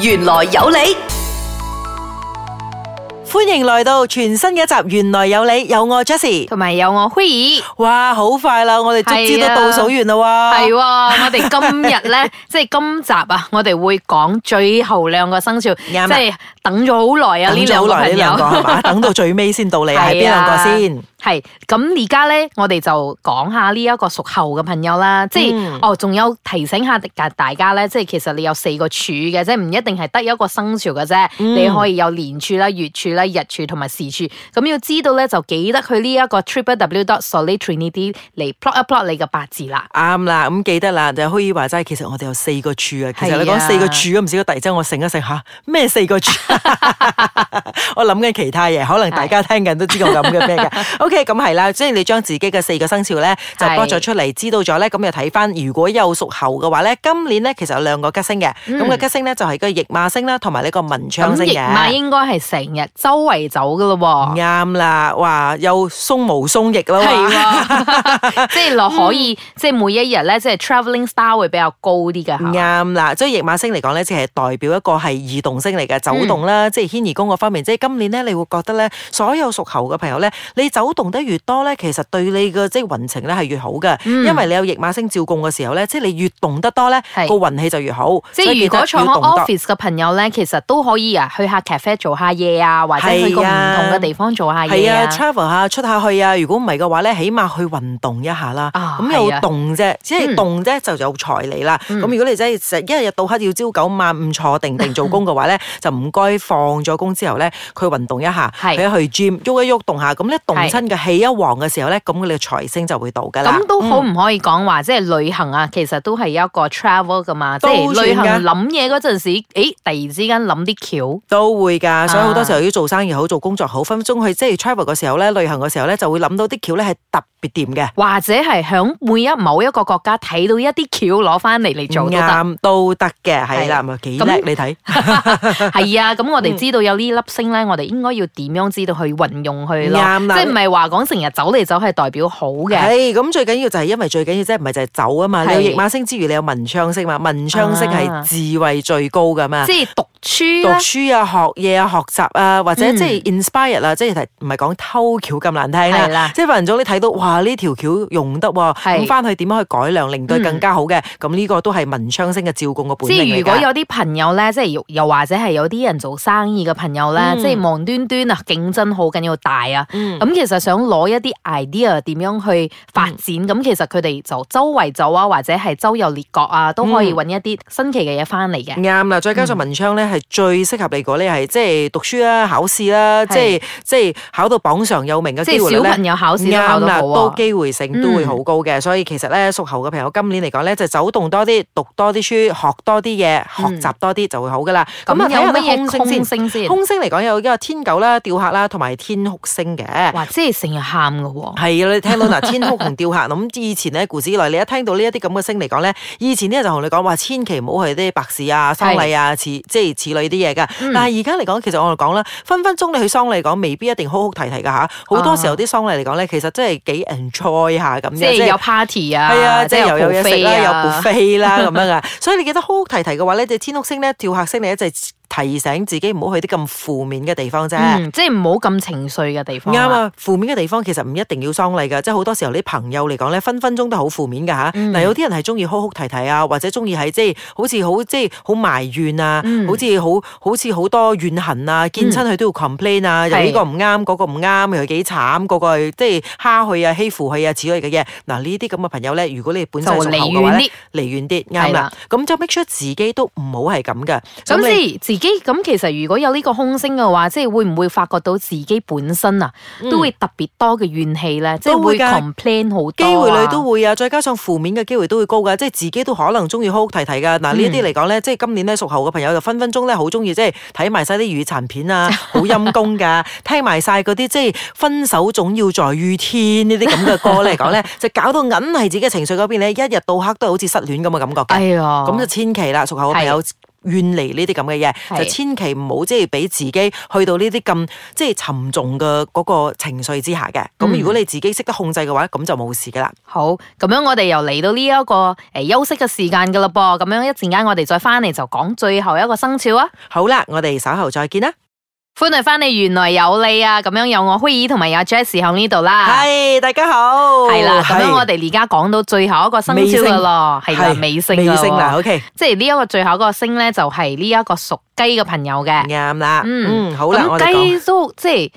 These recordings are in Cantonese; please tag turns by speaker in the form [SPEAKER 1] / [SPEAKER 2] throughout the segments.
[SPEAKER 1] 玄來有理，
[SPEAKER 2] 歡迎來到全新嘅一集《玄來有理》，有我 Jessie 同埋有我輝兒，哇，好快啦，
[SPEAKER 1] 我哋足足都倒數完啦，哇、啊，係、啊嗯 嗯，我哋今日咧，即係今集啊，我哋會講最後兩個生肖，吧即係等咗好耐啊，等咗好耐呢兩個係嘛， 等
[SPEAKER 2] 到最尾先到你是啊，係邊兩個先？
[SPEAKER 1] 係咁，而家咧，我哋就講下呢一個屬猴嘅朋友啦。即係、嗯、哦，仲有提醒下大家咧，即係其實你有四個柱嘅,即係唔一定係得一個生肖嘅啫。嗯、你可以有年柱啦、月柱啦、日柱同埋時柱。咁要知道咧，就記得去呢一個 triple W dot solitary 呢啲嚟 plot 一 plot 你嘅八字啦。
[SPEAKER 2] 啱啦，咁記得啦。可以話真係其實我哋有四個柱啊。其實你講四個柱，唔知個突然我醒一醒下咩四個柱？ 我諗緊其他嘢，可能大家聽緊都知道我諗緊咩嘅。 okay, 即係咁係啦，即係你將自己嘅四個生肖咧就多咗出嚟，知道咗咧，咁又睇翻，如果有屬猴嘅話咧，今年咧其實有兩個吉星嘅，咁個吉星咧就係個驛馬星啦，同埋呢個文昌星嘅。咁驛馬應
[SPEAKER 1] 該係成日周圍走
[SPEAKER 2] 噶咯喎。啱啦，話又鬆毛鬆翼咯。係喎，
[SPEAKER 1] 即係又可以，即係每一日咧，即係 traveling star 會比較高啲噶。啱啦，即係驛馬星
[SPEAKER 2] 嚟講咧，其實代表一個係移動星嚟嘅，走動啦，即係遷移宮嘅方面。即係今年咧，你會覺得咧，所有屬猴嘅朋友咧，你走動。動得越多咧，其實對你嘅即係運程咧係越好嘅，因為你有驛馬星照供嘅時候咧，即係你越動得多咧，個運氣就越好。即係如果坐 office
[SPEAKER 1] 嘅朋友咧，其實都可以啊，去下 cafe 做下嘢啊，或者去唔同嘅地方做下嘢啊，travel 下
[SPEAKER 2] 出下去啊。如果唔係嘅話咧，起碼去運動一下啦。
[SPEAKER 1] 咁又動
[SPEAKER 2] 啫，即係動啫就有財利啦。咁如果你真係一日到黑要朝九晚五坐定定做工嘅話咧，就唔該放咗工之後咧，去運動一下，去下 gym 喐一喐動下，咁咧動親，嘅氣一旺嘅時候咧，咁佢哋財星就會到噶啦。咁
[SPEAKER 1] 都可唔可以講話，嗯、即係旅行啊？其實都係一個 travel 噶嘛，即係旅行諗嘢嗰陣時，誒，突然之間諗啲橋，
[SPEAKER 2] 都會噶。
[SPEAKER 1] 所以好多時候，要
[SPEAKER 2] 做生意好，啊、做工作好，分分鐘去即係 travel 嘅時候咧，旅行嘅時候咧，就會諗到啲橋咧係特別掂嘅，或者
[SPEAKER 1] 係響每一某一個國家睇到一啲橋攞翻嚟嚟做都得，啱
[SPEAKER 2] 都得嘅，係啦，唔係幾叻？你睇
[SPEAKER 1] 係啊，咁我哋知道有呢粒星咧，我哋應該要點樣知道去運用佢咯，即係唔係話講成日走嚟走係代表好嘅，係咁最緊要
[SPEAKER 2] 就係因為最緊要即係唔係就係走啊嘛。你有驛馬星之餘，你有文昌星嘛？文昌星係智慧最高噶嘛？即係讀。
[SPEAKER 1] 讀書
[SPEAKER 2] 啊、學嘢啊、學習啊，或者即係 inspire 啊，即係唔係講偷橋咁難聽啊？即係反正你睇到哇，呢條橋用得喎，咁翻去點樣去改良，令到更加好嘅？咁呢個都係文昌星嘅照顧個本嚟。即係如果有
[SPEAKER 1] 啲朋友咧，即係又或者係有啲人做生意嘅朋友咧，即係忙端端啊，競爭好緊要大啊。咁其實想攞一啲 idea 點樣去發展？咁其實佢哋就周圍走啊，或者係周遊列國啊，都可以揾一啲新奇嘅嘢翻嚟嘅。
[SPEAKER 2] 啱啦，再加上文昌咧。係最適合你講咧，係即係讀書啦、考試啦，是即係即係考到榜上有名嘅機會率，即小朋友考試啦，都機會性都會好高嘅。嗯、所以其實咧，屬猴嘅朋友今年嚟講咧，就是、走動多啲，讀多啲書，學多啲嘢，學習多啲、嗯、就會好噶啦。咁啊、嗯，有咩空星先？空星嚟講，有依個天狗啦、吊客啦，同埋天哭星嘅。哇！即係成日喊嘅喎。係啊，你聽到嗱，天哭同吊客咁， 以前咧古此以嚟，你一聽到呢一啲咁嘅星嚟講咧，以前呢，就同你講，哇，千祈唔好去啲白事啊、喪禮啊，似的即係。此類啲嘢噶但係而家嚟講，其實我哋講啦，分分鐘你去喪禮講，未必一定哭哭啼啼噶吓好多時候啲喪禮嚟講咧，啊、其實真係幾 enjoy 下咁，即係有 party
[SPEAKER 1] 啊，係啊，即係又有嘢食啦，有 buffet 啦咁樣
[SPEAKER 2] 噶所以你記得哭哭啼啼嘅話咧，就天哭星咧弔客星你一齊。提醒自己唔好去啲咁負面嘅地方啫、嗯，即係唔好咁
[SPEAKER 1] 情緒嘅地方、啊。啱
[SPEAKER 2] 啊，負面嘅地方其實唔一定要喪禮噶，即係好多時候啲朋友嚟講咧，分分鐘都好負面嘅嚇。嗱、嗯啊，有啲人係中意哭哭啼啼啊，或者中意係即係好似好即係好埋怨啊，嗯、好似好好似好多怨恨啊，見親佢都要 complain 啊，又呢、嗯、個唔啱，嗰是個唔啱，又幾慘，個個即係蝦佢啊，欺負佢啊，此類嘅嘢。嗱、啊，呢啲咁嘅朋友咧，如果你本身屬猴嘅話咧，離遠啲，離遠啲，啱啦。咁的就 make s、sure、自己都唔好
[SPEAKER 1] 係咁嘅。咁總之 你自咁其實如果有呢個空星嘅話，即係會唔會發覺到自己本身啊都會特別多嘅怨氣咧？嗯、即係會 complain 好多，機會率都
[SPEAKER 2] 會啊！再加上負面嘅機會都會高噶，即係自己都可能中意哭哭啼啼噶。嗱呢啲嚟講咧，嗯、即係今年咧，屬猴嘅朋友就分分鐘咧好中意即係睇埋晒啲雨殘片啊，好陰功噶，聽埋晒嗰啲即係分手總要在雨天呢啲咁嘅歌嚟講咧， 就搞到梗係自己嘅情緒嗰邊咧，一日到黑都好似失戀咁嘅感覺嘅。咁、哎、呦就千祈啦，屬猴嘅朋友。遠離呢啲咁嘅嘢，是就千祈唔好即係俾自己去到呢啲咁即係沉重嘅嗰個情緒之下嘅。咁、嗯、如果你自己識得控制嘅話，咁就冇事噶啦。
[SPEAKER 1] 好，咁樣我哋又嚟到呢、這、一個誒、呃、休息嘅時間噶啦噃。咁樣一陣間我哋再翻嚟就講最後一個生肖啊。好啦，我哋稍後再見啦。歡迎返你，原來有你啊！這樣有我威爾同埋有 Jessie 喺呢度啦。嗨，大家好，係啦是這樣我哋而家講到最後一個生肖噶咯，尾聲啦，尾是聲啦，聲 okay、即係呢一個最後一個星呢，就係呢一個屬。雞嘅朋友嘅，啱啦，嗯，好啦，我雞都即係，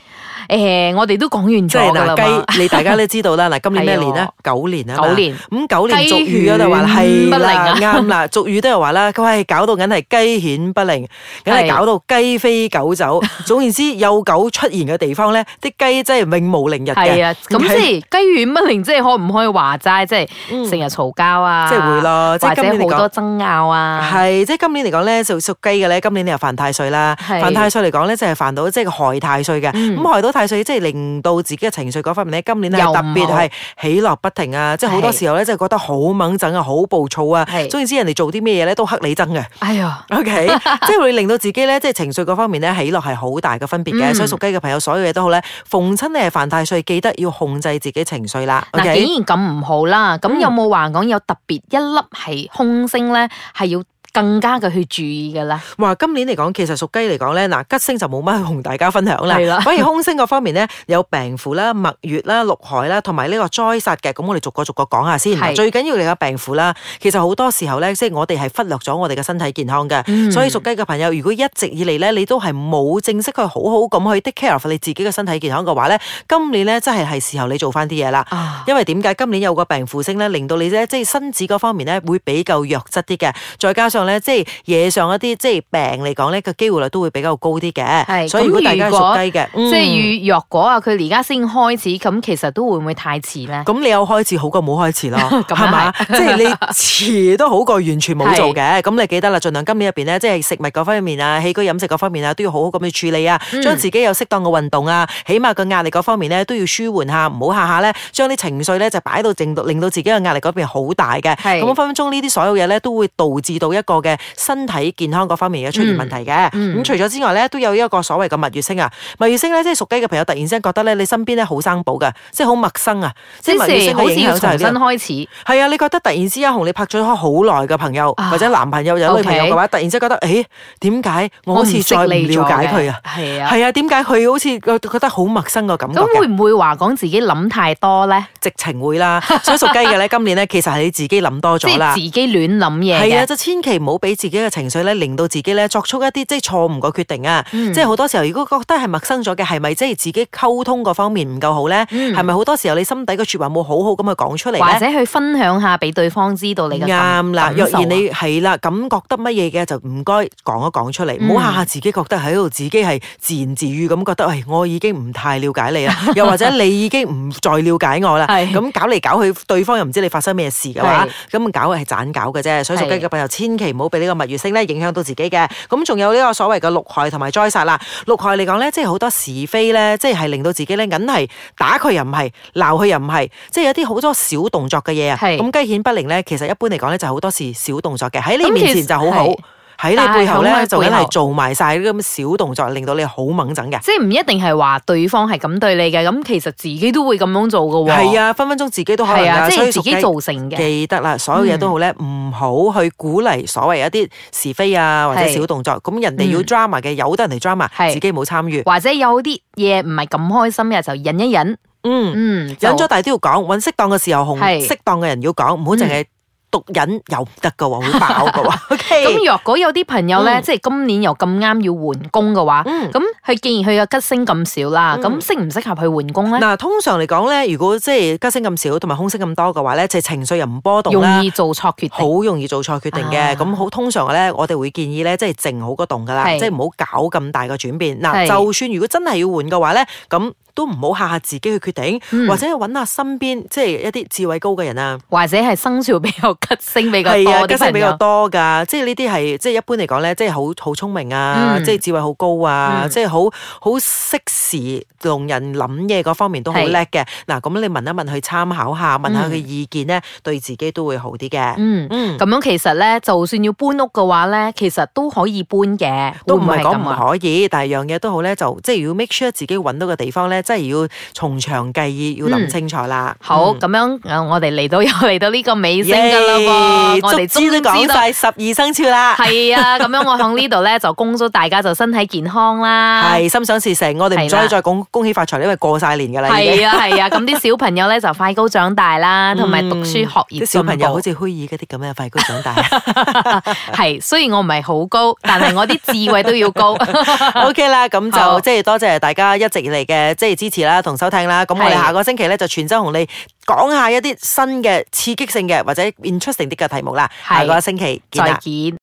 [SPEAKER 1] 誒，我哋都講完咗啦。即係嗱，雞，你大家都知道啦。嗱，今年咩年啊？
[SPEAKER 2] 狗年啊，狗年。咁狗年俗語都有話係啦，啱啦。俗語都有話啦，佢係搞到梗係雞犬不寧，梗係搞到雞飛狗走。總言之，有狗出現嘅地方咧，啲雞真係永無寧日嘅。係啊，咁即係
[SPEAKER 1] 雞犬不寧，即係可唔可以話齋？即係成日嘈交啊，即係會咯，或者好多爭拗啊。係，即係今年嚟講咧，
[SPEAKER 2] 就屬雞嘅咧，今年。又犯太歲啦！犯太歲嚟講咧，即係犯到即係害太歲嘅。咁害到太歲，即係令到自己嘅情緒嗰方面咧，今年係特別係起落不停啊！即係好多時候咧，即係覺得好掹憎啊，好暴躁啊。係，總之人哋做啲咩嘢咧，都黑你憎嘅。哎呀，OK，即係會令到自己咧，即係情緒嗰方面咧，起落係好大嘅分別嘅。所以屬雞嘅朋友，所有嘢都好咧，逢親你係犯太歲，記得要控制自己情緒啦。嗱，竟
[SPEAKER 1] 然咁唔好啦，咁有冇話講有特別一粒係空星咧，係要？更加嘅去注意嘅咧，
[SPEAKER 2] 哇！今年嚟講，其實屬雞嚟講咧，嗱，吉星就冇乜去同大家分享啦。係啦的，反而兇星嗰方面咧，有病符啦、蜜月啦、六害啦，同埋呢個災煞嘅。咁我哋逐個逐個講下先。的最緊要你嘅病符啦。其實好多時候咧，即係我哋係忽略咗我哋嘅身體健康嘅。嗯、所以屬雞嘅朋友，如果一直以嚟咧，你都係冇正式去好好咁去 take care of 你自己嘅身體健康嘅話咧，今年咧真係係時候你做翻啲嘢啦。啊、因為點解今年有個病符星咧，令到你咧即係身子嗰方面咧會比較弱質啲嘅，再加上。即係夜上一啲，即係病嚟講咧個機會率都會比較高啲嘅。是所以如果大家係屬低嘅，果嗯、即係如
[SPEAKER 1] 若果啊，佢而家先開始，咁其實都會唔會太遲咧？咁你有
[SPEAKER 2] 開始好過冇開始
[SPEAKER 1] 咯，係咪 是？即係吧 你
[SPEAKER 2] 遲都好過完全冇做嘅。咁是你記得啦，盡量今年入邊咧，即係食物嗰方面啊、起居飲食嗰方面啊，都要好好咁去處理啊。嗯、將自己有適當嘅運動啊，起碼個壓力嗰方面咧都要舒緩一下，唔好下下咧將啲情緒咧就擺到令到令到自己嘅壓力嗰邊好大嘅。係是，咁分分鐘呢啲所有嘢咧都會導致到一個嘅身體健康嗰方面有出現問題嘅，咁除咗之外咧，都有一個所謂嘅蜜月星啊。蜜月星咧，即係屬雞嘅朋友突然之間覺得咧，你身邊咧好生疏㗎，即係好陌生啊，即係蜜月星嘅影響就係重新開始，係啊，你覺得突然之間同你拍咗開好耐嘅朋友或者男朋友、有女朋友嘅話，突然之間覺得誒，點解我好似再唔了解佢啊？係啊，係啊，點解佢好似覺得好陌生嘅感覺？咁會唔會話講自己諗太多咧？直情會啦，所以屬雞嘅咧，今年咧其實係你自己諗多咗啦，自己亂諗嘢，係啊，就千祈。唔好俾自己嘅情緒咧，令到自己咧作出一啲即係錯誤嘅決定啊！嗯、即係好多時候，如果覺得係陌生咗嘅，係咪即係自己溝通嗰方面唔夠好咧？係咪好多時候你心底個説話冇好好咁去講出嚟或者
[SPEAKER 1] 去分享下俾對方知道你啱啦。了啊、若然你
[SPEAKER 2] 係啦，咁覺得乜嘢嘅就唔該講一講出嚟，唔好下下自己覺得喺度自己係自言自語咁，覺得喂、哎，我已經唔太了解你啦， 又或者你已經唔再了解我啦。咁 搞嚟搞去，對方又唔知你發生咩事嘅話，咁是搞係盞搞嘅啫。所以屬雞嘅朋友千祈～唔好俾呢個蜜月星咧影響到自己嘅，咁仲有呢個所謂嘅六害同埋災煞啦。六害嚟講咧，即係好多是非咧，即係令到自己咧，梗係打佢又唔係，鬧佢又唔係，即係有啲好多小動作嘅嘢啊。咁雞犬不寧咧，其實一般嚟講咧，就係好多事小動作嘅，喺你面前就好好。喺你背後咧，就一係做埋晒啲咁小動作，令到你好掹整嘅。即
[SPEAKER 1] 係唔一定係話對方係咁對你嘅，咁其實自己都會咁樣做噶。係啊，
[SPEAKER 2] 分分鐘自己都可能噶。即係自己造成嘅。記得啦，所有嘢都好咧，唔好去鼓勵所謂一啲是非啊或者小動作。咁人哋要 drama 嘅，由得人哋 drama，自己冇參與。或者有啲嘢唔係咁
[SPEAKER 1] 開心嘅，就忍一忍。嗯嗯，忍咗但
[SPEAKER 2] 係都要講，搵適當嘅時候同適當嘅人要講，唔好淨係。忍又唔得噶喎，會爆噶喎。
[SPEAKER 1] 咁若、okay, 果有啲朋友咧，嗯、即係今年又咁啱要換工嘅話，咁佢、嗯、既然佢嘅吉星咁少啦，咁適唔適合去換工咧？嗱，
[SPEAKER 2] 通常嚟講咧，如果即係吉星咁少，同埋空星咁多嘅話咧，就情緒又唔波動，容易做錯決定，好容易做錯決定嘅。咁好、啊、通常嘅咧，我哋會建議咧，即係靜好嗰動噶啦，即係唔好搞咁大嘅轉變。嗱是，就算如果真係要換嘅話咧，咁。都唔好下下自己去決定，嗯、或者揾下身邊即係、即係、一啲智慧高嘅人啊，或
[SPEAKER 1] 者係生肖比較吉星比較多嘅、啊、吉星比較多
[SPEAKER 2] 㗎，即係呢啲係即係一般嚟講咧，即係好好聰明啊，即係、嗯、智慧好高啊，即係好好適時同人諗嘢嗰方面都好叻嘅。嗱、嗯，咁你問一問佢參考下，問下佢意見咧，嗯、對自己都會好啲嘅。嗯嗯，咁、
[SPEAKER 1] 嗯、樣其實咧，就算要搬屋嘅話咧，其實都可以搬嘅，會唔會係啊、都唔係講唔可
[SPEAKER 2] 以，但係樣嘢都好咧，就即係如果 make sure 自己揾到嘅地方咧。真係要從長計議，要諗清楚啦。好，咁樣我哋嚟到又嚟
[SPEAKER 1] 到呢個尾聲噶啦，我哋都講曬十
[SPEAKER 2] 二生肖啦。係啊，咁樣我
[SPEAKER 1] 喺呢度咧就恭祝大家就身體健康啦。係，心想事成。我哋唔再再講恭喜
[SPEAKER 2] 發財，因為過晒年噶啦。係啊，係啊，
[SPEAKER 1] 咁啲小朋友咧就快高長大啦，同埋讀書學業。小朋友好似虛擬嗰啲咁樣快高長大。係，雖然我唔係好高，但係我啲智慧都要高。OK
[SPEAKER 2] 啦，咁就即係多謝大家一直以嚟嘅，即係。支持啦，同收聽啦，咁我哋下個星期咧就全真同你講下一啲新嘅刺激性嘅或者 interesting 啲嘅題目啦，下個星期見，再見。